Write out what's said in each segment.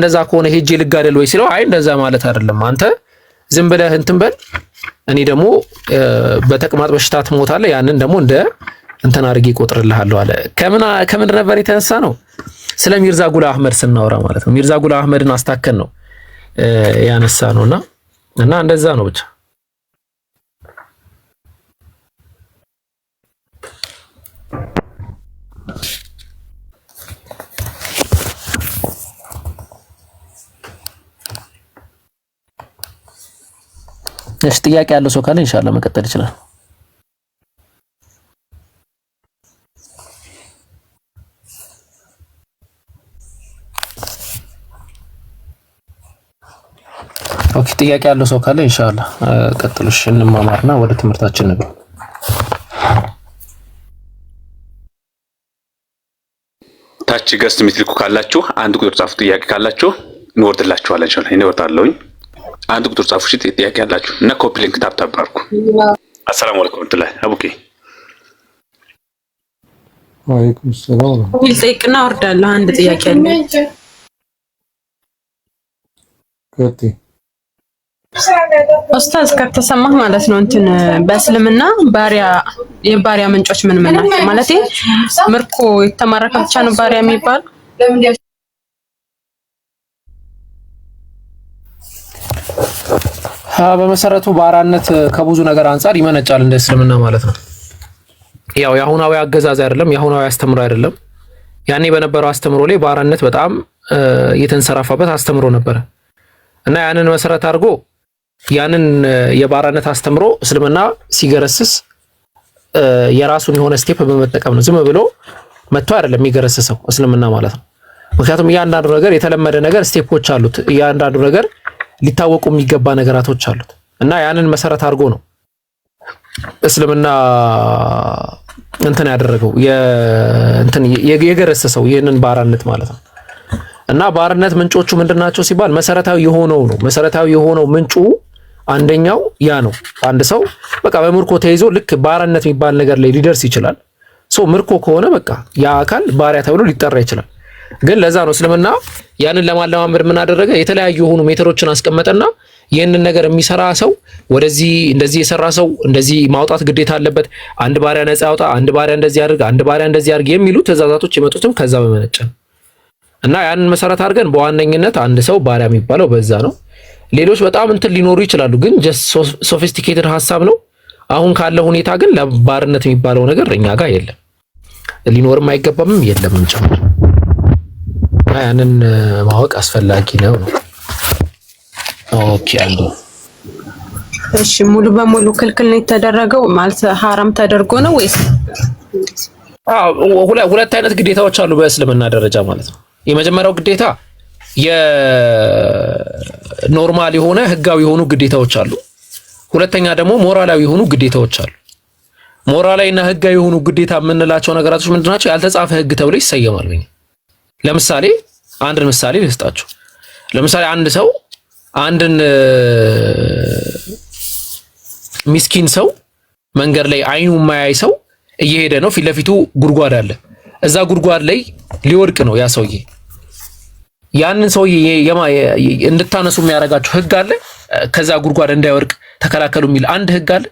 እንደዛ ከሆነ ሄጅ ልጋደል ወይ ሲለው አይ እንደዛ ማለት አይደለም፣ አንተ ዝም ብለህ እንትን በል፣ እኔ ደግሞ በተቅማጥ በሽታ ትሞታለህ፣ ያንን ደግሞ እንደ እንትን አድርጌ እቆጥርልሃለሁ አለ። ከምን ከምን ነበር የተነሳ ነው? ስለ ሚርዛ ጉላ አህመድ ስናወራ ማለት ነው። ሚርዛ ጉላ አህመድን አስታከን ነው ያነሳ ነውና እና እንደዛ ነው ብቻ እሺ ጥያቄ ያለው ሰው ካለ ኢንሻአላ መቀጠል ይችላል። ኦኬ ጥያቄ ያለው ሰው ካለ ኢንሻአላ ቀጥሉ። እንማማርና ወደ ትምህርታችን ነው። ታች ገስት የሚትልኩ ካላችሁ አንድ ቁጥር ጻፉ። ጥያቄ ካላችሁ እንወርድላችኋለን። ኢንሻአላህ እኔ እወርዳለሁኝ። አንድ ቁጥር ጻፉ። እሺ ጥያቄ ያላችሁ እና ኮፒ ሊንክ ታፕ ታፕ አድርጉ። አሰላሙ አለይኩም ወራህመቱላሂ አቡኪ ወአለይኩም ሰላም። ሁል ጠይቅና ወርዳለሁ። አንድ ጥያቄ አለ። ከቲ ኡስታዝ ከተሰማህ ማለት ነው እንትን በእስልምና ባሪያ የባሪያ ምንጮች ምን ምን ናቸው? ማለት ምርኮ የተማረከ ብቻ ነው ባሪያ የሚባል በመሰረቱ ባራነት ከብዙ ነገር አንጻር ይመነጫል እንደ እስልምና ማለት ነው። ያው የአሁናዊ አገዛዝ አይደለም፣ የአሁናዊ አስተምሮ አይደለም። ያኔ በነበረው አስተምሮ ላይ ባራነት በጣም የተንሰራፋበት አስተምሮ ነበረ እና ያንን መሰረት አድርጎ ያንን የባራነት አስተምሮ እስልምና ሲገረስስ የራሱን የሆነ ስቴፕ በመጠቀም ነው። ዝም ብሎ መጥቶ አይደለም የሚገረስሰው እስልምና ማለት ነው። ምክንያቱም እያንዳንዱ ነገር የተለመደ ነገር ስቴፖች አሉት። እያንዳንዱ ነገር ሊታወቁ የሚገባ ነገራቶች አሉት እና ያንን መሰረት አድርጎ ነው እስልምና እንትን ያደረገው የገረሰሰው ይህንን ባራነት ማለት ነው። እና ባርነት ምንጮቹ ምንድን ናቸው ሲባል መሰረታዊ የሆነው ነው። መሰረታዊ የሆነው ምንጩ አንደኛው ያ ነው። አንድ ሰው በቃ በምርኮ ተይዞ ልክ ባርነት የሚባል ነገር ላይ ሊደርስ ይችላል። ሰው ምርኮ ከሆነ በቃ ያ አካል ባሪያ ተብሎ ሊጠራ ይችላል። ግን ለዛ ነው እስልምና ያንን ለማለማመድ ምን አደረገ? የተለያዩ የሆኑ ሜተሮችን አስቀመጠና ይህንን ነገር የሚሰራ ሰው ወደዚህ እንደዚህ የሰራ ሰው እንደዚህ ማውጣት ግዴታ አለበት፣ አንድ ባሪያ ነጻ ያውጣ፣ አንድ ባሪያ እንደዚህ አድርግ አንድ ባሪያ እንደዚህ አድርግ የሚሉ ትእዛዛቶች የመጡትም ከዛ በመነጨ ነው። እና ያንን መሰረት አድርገን በዋነኝነት አንድ ሰው ባሪያ የሚባለው በዛ ነው። ሌሎች በጣም እንትን ሊኖሩ ይችላሉ፣ ግን ጀስት ሶፊስቲኬትድ ሀሳብ ነው። አሁን ካለ ሁኔታ ግን ለባርነት የሚባለው ነገር እኛ ጋር የለም፣ ሊኖርም አይገባምም የለምም ጭምር። እና ያንን ማወቅ አስፈላጊ ነው። ኦኬ አንዱ እሺ ሙሉ በሙሉ ክልክል ነው የተደረገው ማለት ሀራም ተደርጎ ነው ወይስ? አዎ ሁለት አይነት ግዴታዎች አሉ በእስልምና ደረጃ ማለት ነው። የመጀመሪያው ግዴታ የኖርማል የሆነ ህጋዊ የሆኑ ግዴታዎች አሉ። ሁለተኛ ደግሞ ሞራላዊ የሆኑ ግዴታዎች አሉ። ሞራላዊ ህጋዊ የሆኑ ግዴታ የምንላቸው ነገራቶች ምንድናቸው? ያልተጻፈ ህግ ተብሎ ይሰየማል። ለምሳሌ አንድን ምሳሌ ልስጣችሁ። ለምሳሌ አንድ ሰው አንድን ሚስኪን ሰው መንገድ ላይ አይኑ የማያይ ሰው እየሄደ ነው። ፊት ለፊቱ ጉድጓድ አለ። እዛ ጉድጓድ ላይ ሊወድቅ ነው ያ ሰውዬ። ያንን ሰውዬ እንድታነሱ የሚያደርጋችሁ ህግ አለ? ከዛ ጉድጓድ እንዳይወድቅ ተከላከሉ የሚል አንድ ህግ አለ?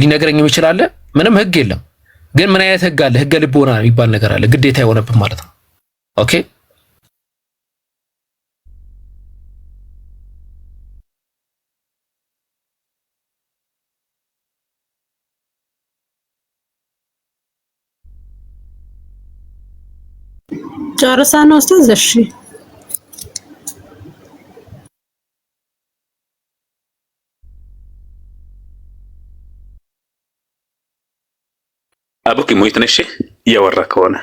ሊነግረኝ የሚችል አለ? ምንም ህግ የለም። ግን ምን አይነት ህግ አለ? ህገ ልቦና የሚባል ነገር አለ፣ ግዴታ የሆነብን ማለት ነው። ኦኬ ጨርሳ ነው ኡስታዝ። እሺ አቡኪ ሙይት ነሽ እያወራ ከሆነ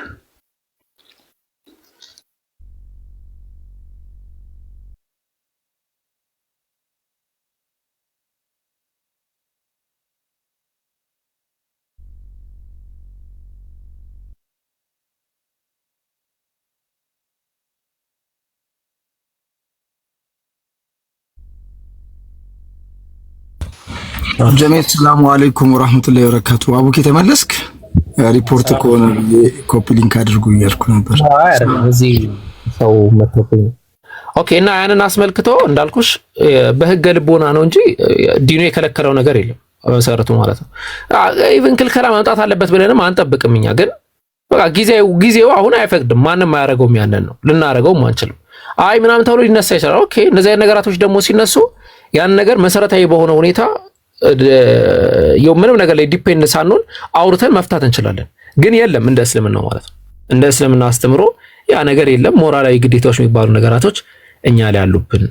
ጀሜት ሰላሙ አለይኩም ወራህመቱላሂ ወበረካቱ። አቡኬ ተመለስክ? ሪፖርት ከሆነ ኮፒ ሊንክ አድርጉ እያልኩ ነበር። እዚህ ሰው መጥቶኝ ኦኬ። እና ያንን አስመልክቶ እንዳልኩሽ በህገ ልቦና ነው እንጂ ዲኑ የከለከለው ነገር የለም በመሰረቱ ማለት ነው። ኢቭን ክልከላ መምጣት አለበት ብለንም አንጠብቅም እኛ ግን በቃ ጊዜው ጊዜው አሁን አይፈቅድም። ማንም አያደርገውም። ያንን ነው ልናደርገውም አንችልም። አይ ምናምን ተብሎ ሊነሳ ይችላል። ኦኬ እንደዚህ ነገራቶች ደግሞ ሲነሱ ያን ነገር መሰረታዊ በሆነ ሁኔታ ምንም ነገር ላይ ዲፔንድ ሳንሆን አውርተን መፍታት እንችላለን። ግን የለም እንደ እስልምና ማለት ነው። እንደ እስልምና አስተምሮ ያ ነገር የለም። ሞራላዊ ግዴታዎች የሚባሉ ነገራቶች እኛ ላይ አሉብን።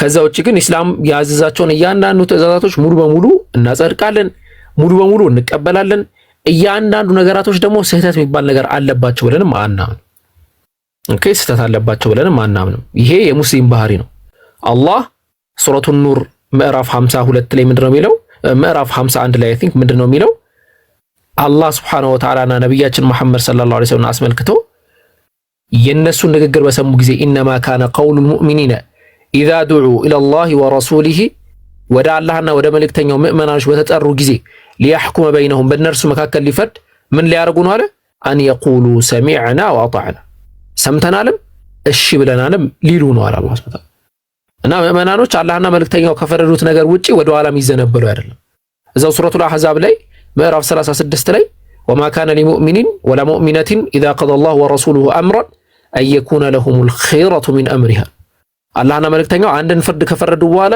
ከዛ ውጭ ግን ኢስላም ያዘዛቸውን እያንዳንዱ ትዕዛዛቶች ሙሉ በሙሉ እናጸድቃለን፣ ሙሉ በሙሉ እንቀበላለን። እያንዳንዱ ነገራቶች ደግሞ ስህተት የሚባል ነገር አለባቸው ብለንም አናምን። ኦኬ ስህተት አለባቸው ብለንም አናምንም። ይሄ የሙስሊም ባህሪ ነው። አላህ ሱረቱን ኑር ምዕራፍ 52 ላይ ምንድን ነው የሚለው? ምዕራፍ 51 ላይ ቲንክ ምንድን ነው የሚለው አላህ ስብሐነሁ ወተዓላና ነቢያችን መሐመድ ሰለላሁ ዐለይሂ ወሰለም አስመልክቶ የእነሱን ንግግር በሰሙ ጊዜ ኢነማ ካነ ቀውሉል ሙእሚኒነ ኢዛ ዱዑ ኢለላሂ ወረሱሊሂ ወደ አላህና ወደ መልእክተኛው ምእመናኖች በተጠሩ ጊዜ ሊያሕኩመ በይነሁም በእነርሱ መካከል ሊፈርድ ምን ሊያደርጉ ነው አለ አን የቁሉ ሰሚዕና ወአጣዕና ሰምተናልም እሺ ብለናልም ሊሉ ነው አለ አላህ እና ምዕመናኖች አላህና መልክተኛው ከፈረዱት ነገር ውጪ ወደ ኋላ የሚዘነበሉ አይደለም። እዛው ሱረቱል አሕዛብ ላይ ምዕራፍ 36 ላይ ወማ ካነ ሊሙእሚኒን ወላ ሙእሚነቲን ኢዛ ቀደ አላሁ ወረሱሉሁ አምረን አንየኩነ ለሁሙል ኺረቱ ሚን አምሪሃ። አላህና መልእክተኛው አንድን ፍርድ ከፈረዱ በኋላ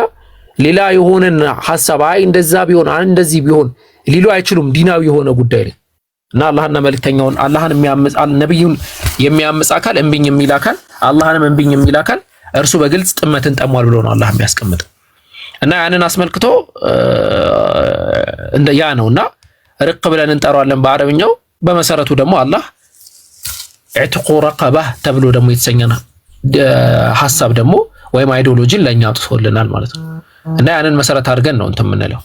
ሌላ የሆነን ሐሳብ አይ እንደዛ ቢሆን እንደዚህ ቢሆን ሊሉ አይችሉም። ዲናዊ የሆነ ጉዳይ ላይ እና አላህና መልእክተኛውን አላህን የሚያምጽ ነብዩን የሚያምጽ አካል እምቢኝ የሚል አካል አላህንም እምቢኝ የሚል አካል እርሱ በግልጽ ጥመትን ጠሟል ብሎ ነው አላህ የሚያስቀምጠው እና ያንን አስመልክቶ ያ ነው እና ርቅ ብለን እንጠራዋለን በአረብኛው። በመሰረቱ ደግሞ አላህ ኢዕትቁ ረቀባህ ተብሎ ደግሞ የተሰኘን ሀሳብ ደግሞ ወይም አይዲዮሎጂን ለእኛ አጥቶልናል ማለት ነው እና ያንን መሰረት አድርገን ነው እንትን የምንለው።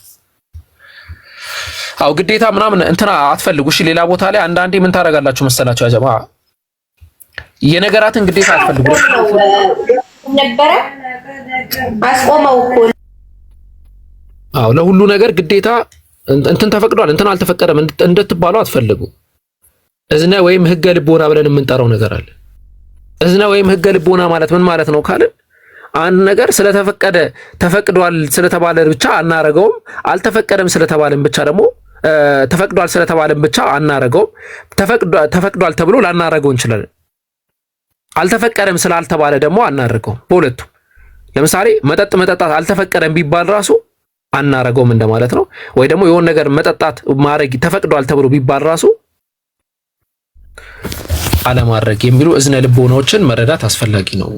አው ግዴታ ምናምን እንትና አትፈልጉ። እሺ ሌላ ቦታ ላይ አንዳንዴ ምን ታደርጋላችሁ መሰላችሁ? ያጀማ የነገራትን ግዴታ አትፈልጉ ነበረ አስቆመው እኮ። አዎ ለሁሉ ነገር ግዴታ እንትን ተፈቅዷል፣ እንትን አልተፈቀደም እንደትባሉ አትፈልጉ። እዝነ ወይም ህገ ልቦና ብለን የምንጠራው ነገር አለ። እዝነ ወይም ህገ ልቦና ማለት ምን ማለት ነው ካልን አንድ ነገር ስለተፈቀደ ተፈቅዷል ስለተባለ ብቻ አናረገውም። አልተፈቀደም ስለተባለም ብቻ ደግሞ ተፈቅዷል ስለተባለም ብቻ አናረገውም። ተፈቅዷል ተብሎ ላናረገው እንችላለን። አልተፈቀደም ስላልተባለ ደግሞ አናደርገውም። በሁለቱም ለምሳሌ መጠጥ መጠጣት አልተፈቀደም ቢባል ራሱ አናረገውም እንደማለት ነው። ወይ ደግሞ የሆነ ነገር መጠጣት ማድረግ ተፈቅዷል ተብሎ ቢባል ራሱ አለማድረግ የሚሉ እዝነ ልቦናዎችን መረዳት አስፈላጊ ነው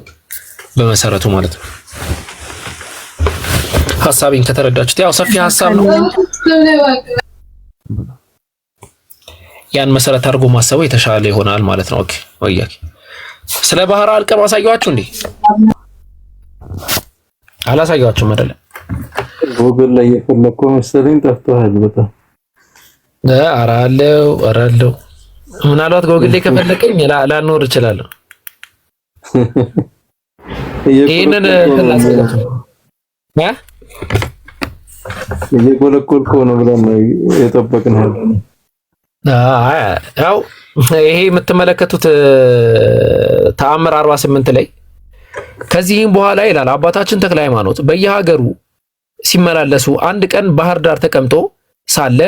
በመሰረቱ ማለት ነው። ሀሳቤን ከተረዳችሁት፣ ያው ሰፊ ሀሳብ ነው። ያን መሰረት አድርጎ ማሰበው የተሻለ ይሆናል ማለት ነው። ኦኬ ወያኬ ስለ ባህር አልቀም አሳየኋችሁ እንዴ? አላሳየኋችሁም አይደለም? ጉግል ላይ የፈለኩ መሰለኝ ጠፍቶሃል። በጣም ኧረ አለው ኧረ አለው። ምናልባት ጉግል ላይ ከፈለቀኝ ላኖር እችላለሁ። ይሄንን እየቆለቆልከው ነው ብለን ነው ያው ይሄ የምትመለከቱት ተአምር 48 ላይ ከዚህም በኋላ ይላል አባታችን ተክለ ሃይማኖት በየሀገሩ ሲመላለሱ አንድ ቀን ባህር ዳር ተቀምጦ ሳለ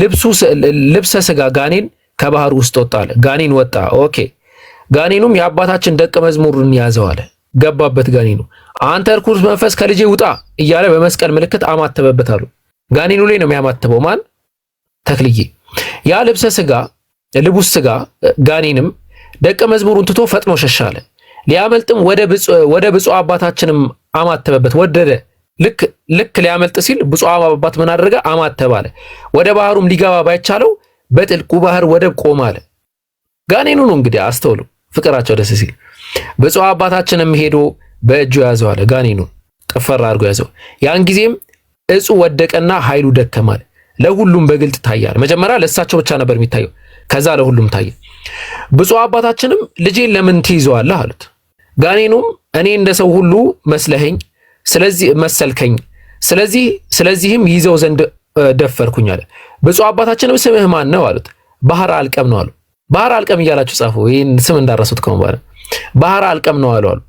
ልብሱ ልብሰ ስጋ ጋኔን ከባህር ውስጥ ወጣ አለ። ጋኔን ወጣ። ኦኬ ጋኔኑም የአባታችን ደቀ መዝሙርን ያዘው አለ። ገባበት ጋኔኑ። አንተ እርኩስ መንፈስ ከልጄ ውጣ እያለ በመስቀል ምልክት አማተበበት አሉ። ጋኔኑ ላይ ነው የሚያማተበው። ማን? ተክልዬ ያ ልብሰ ስጋ ልቡስ ስጋ ጋኔንም ደቀ መዝሙሩን ትቶ ፈጥኖ ሸሻለ። ሊያመልጥም ወደ ብፁዕ አባታችንም አማተበበት ወደደ። ልክ ልክ ሊያመልጥ ሲል ብፁዕ አባት ምን አደረገ? አማተባለ። ወደ ባህሩም ሊገባ ባይቻለው በጥልቁ ባህር ወደብ ቆመ አለ። ጋኔኑ ነው እንግዲህ አስተውሉ፣ ፍቅራቸው ደስ ሲል ብፁዕ አባታችንም ሄዶ በእጁ ያዘው አለ። ጋኔኑ ጠፈር አድርጎ ያዘው። ያን ጊዜም እጹ ወደቀና ኃይሉ ደከማል። ለሁሉም በግልጥ ታያል። መጀመሪያ ለእሳቸው ብቻ ነበር የሚታየው ከዛ ለሁሉም ታየ። ብፁዕ አባታችንም ልጄን ለምን ትይዘዋለህ አሉት። ጋኔኑም እኔ እንደ ሰው ሁሉ መስለኸኝ ስለዚህ መሰልከኝ ስለዚህ ስለዚህም ይዘው ዘንድ ደፈርኩኝ አለ። ብፁዕ አባታችንም ስምህ ማን ነው አሉት። ባህር አልቀም ነው አሉ። ባህር አልቀም እያላችሁ ጻፉ፣ ይህን ስም እንዳረሱት ከሆነ በኋላ ባህር አልቀም ነው አሉ አሉ።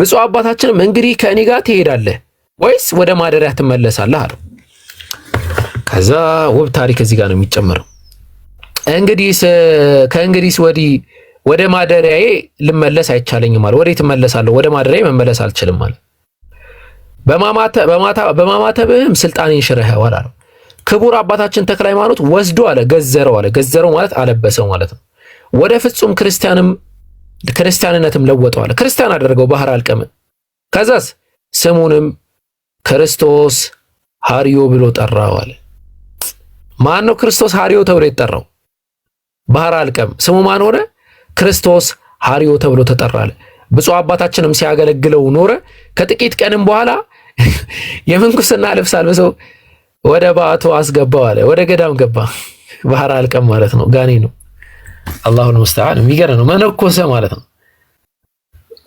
ብፁዕ አባታችንም እንግዲህ ከእኔ ጋር ትሄዳለህ ወይስ ወደ ማደሪያ ትመለሳለህ አሉ። ከዛ ውብ ታሪክ እዚህ ጋር ነው የሚጨምረው። እንግዲህ ከእንግዲህ ወዲህ ወደ ማደሪያዬ ልመለስ አይቻለኝም ማለት ወዴት እመለሳለሁ? ወደ ማደሪያዬ መመለስ አልችልም አለ። በማማተብህም ስልጣኔን ሽረኸዋል አለ። ክቡር አባታችን ተክለ ሃይማኖት ወስዶ አለ ገዘረው አለ። ገዘረው ማለት አለበሰው ማለት ነው። ወደ ፍጹም ክርስቲያንም ክርስቲያንነትም ለወጠው አለ። ክርስቲያን አደረገው ባህር አልቀምን። ከዛስ ስሙንም ክርስቶስ ሀሪዮ ብሎ ጠራው አለ። ማን ነው ክርስቶስ ሀሪዮ ተብሎ የጠራው? ባህር አልቀም ስሙ ማን ሆነ? ክርስቶስ ሐሪዮ ተብሎ ተጠራለ። ብፁዕ አባታችንም ሲያገለግለው ኖረ። ከጥቂት ቀንም በኋላ የምንኩስና ልብስ አልብሰው ወደ ባቱ አስገባው አለ። ወደ ገዳም ገባ። ባህር አልቀም ማለት ነው፣ ጋኔ ነው። አላሁል ሙስተዓን የሚገርም ነው። መነኮሰ ማለት ነው።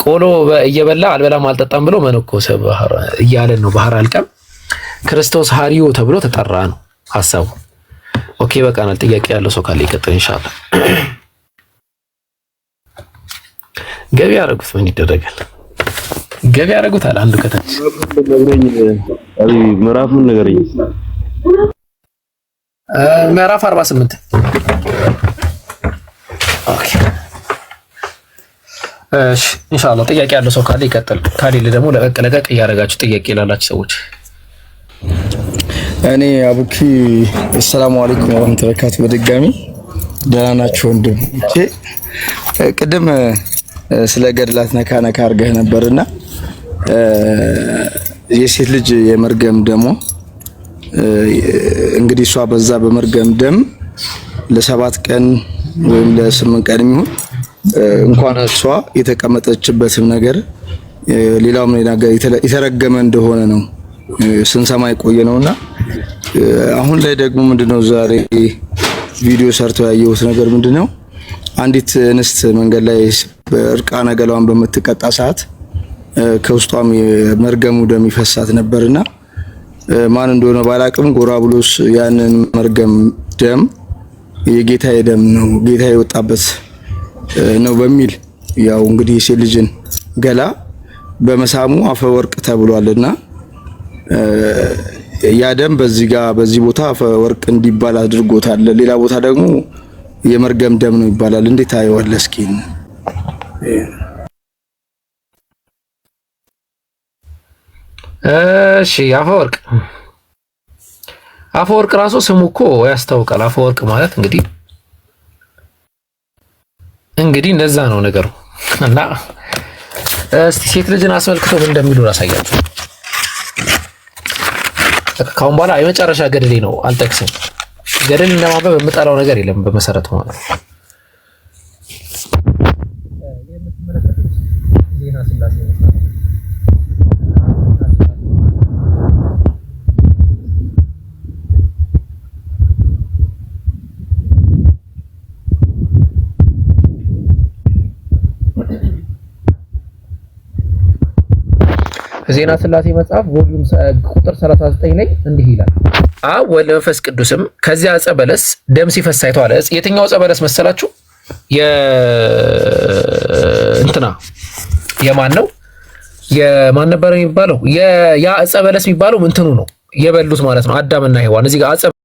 ቆሎ እየበላ አልበላም አልጠጣም ብሎ መነኮሰ እያለን ነው። ባህር አልቀም ክርስቶስ ሐሪዮ ተብሎ ተጠራ ነው ሀሳቡ። ኦኬ በቃናል። ጥያቄ ያለው ሰው ካለ ይቀጥል እንሻላ ገቢ ያደረጉት ምን ይደረጋል? ገቢ አለ አንዱ ከተማ ምዕራፉን ንገረኝ። ምዕራፍ 48 ኦኬ እሺ ኢንሻአላህ። ጥያቄ ያለው ሰው ካለ ይቀጥል። ካሌለ ደግሞ ለቀቅ ለቀቅ እያደረጋችሁ ጥያቄ ላላችሁ ሰዎች እኔ አቡኪ ሰላም አለይኩም ወራህመቱ ወበረካቱ። በድጋሚ ደህና ናችሁ ወንድም? ቅድም ስለ ገድላት ነካ ነካ አድርገህ ነበርና የሴት ልጅ የመርገም ደሞ እንግዲህ እሷ በዛ በመርገም ደም ለሰባት ቀን ወይም ለስምንት ቀን የሚሆን እንኳን እሷ የተቀመጠችበትም ነገር ሌላውም ነገር የተረገመ እንደሆነ ነው ስንሰማ የቆየ ነውና አሁን ላይ ደግሞ ምንድነው ዛሬ ቪዲዮ ሰርተው ያየሁት ነገር ምንድነው አንዲት እንስት መንገድ ላይ በእርቃነ ገላዋን በምትቀጣ ሰዓት ከውስጧም መርገሙ ደም ይፈሳት ነበርና ማን እንደሆነ ባላቅም ጎራ ብሎስ ያንን መርገም ደም የጌታዬ ደም ነው ጌታ የወጣበት ነው በሚል ያው እንግዲህ የሴት ልጅን ገላ በመሳሙ አፈወርቅ ተብሏልና ያ ደም በዚህ ጋር በዚህ ቦታ አፈወርቅ እንዲባል አድርጎታል። ሌላ ቦታ ደግሞ የመርገም ደም ነው ይባላል። እንዴት አየዋለ እስኪ እሺ አፈወርቅ አፈወርቅ ራሱ ስሙ እኮ ያስታውቃል። አፈወርቅ ማለት እንግዲህ እንግዲህ እንደዛ ነው ነገሩ እና እስቲ ሴት ልጅን አስመልክቶ ምን እንደሚሉ ላሳያችሁ። ከአሁን በኋላ የመጨረሻ ገድሌ ነው። አልጠቅስም። ገድል እንደማንበብ የምጠላው ነገር የለም በመሰረቱ ማለት ነው። ዜና ስላሴ መጽሐፍ ቮሊዩም ቁጥር 39 ላይ እንዲህ ይላል። አብ ወልድ መንፈስ ቅዱስም ከዚያ ዕፀ በለስ ደም ሲፈስ አይተዋለ የትኛው ዕፀ በለስ መሰላችሁ? እንትና የማን ነው? የማን ነበር የሚባለው? ያ ዕፀ በለስ የሚባለው እንትኑ ነው የበሉት ማለት ነው አዳምና ሔዋን እዚህ ጋር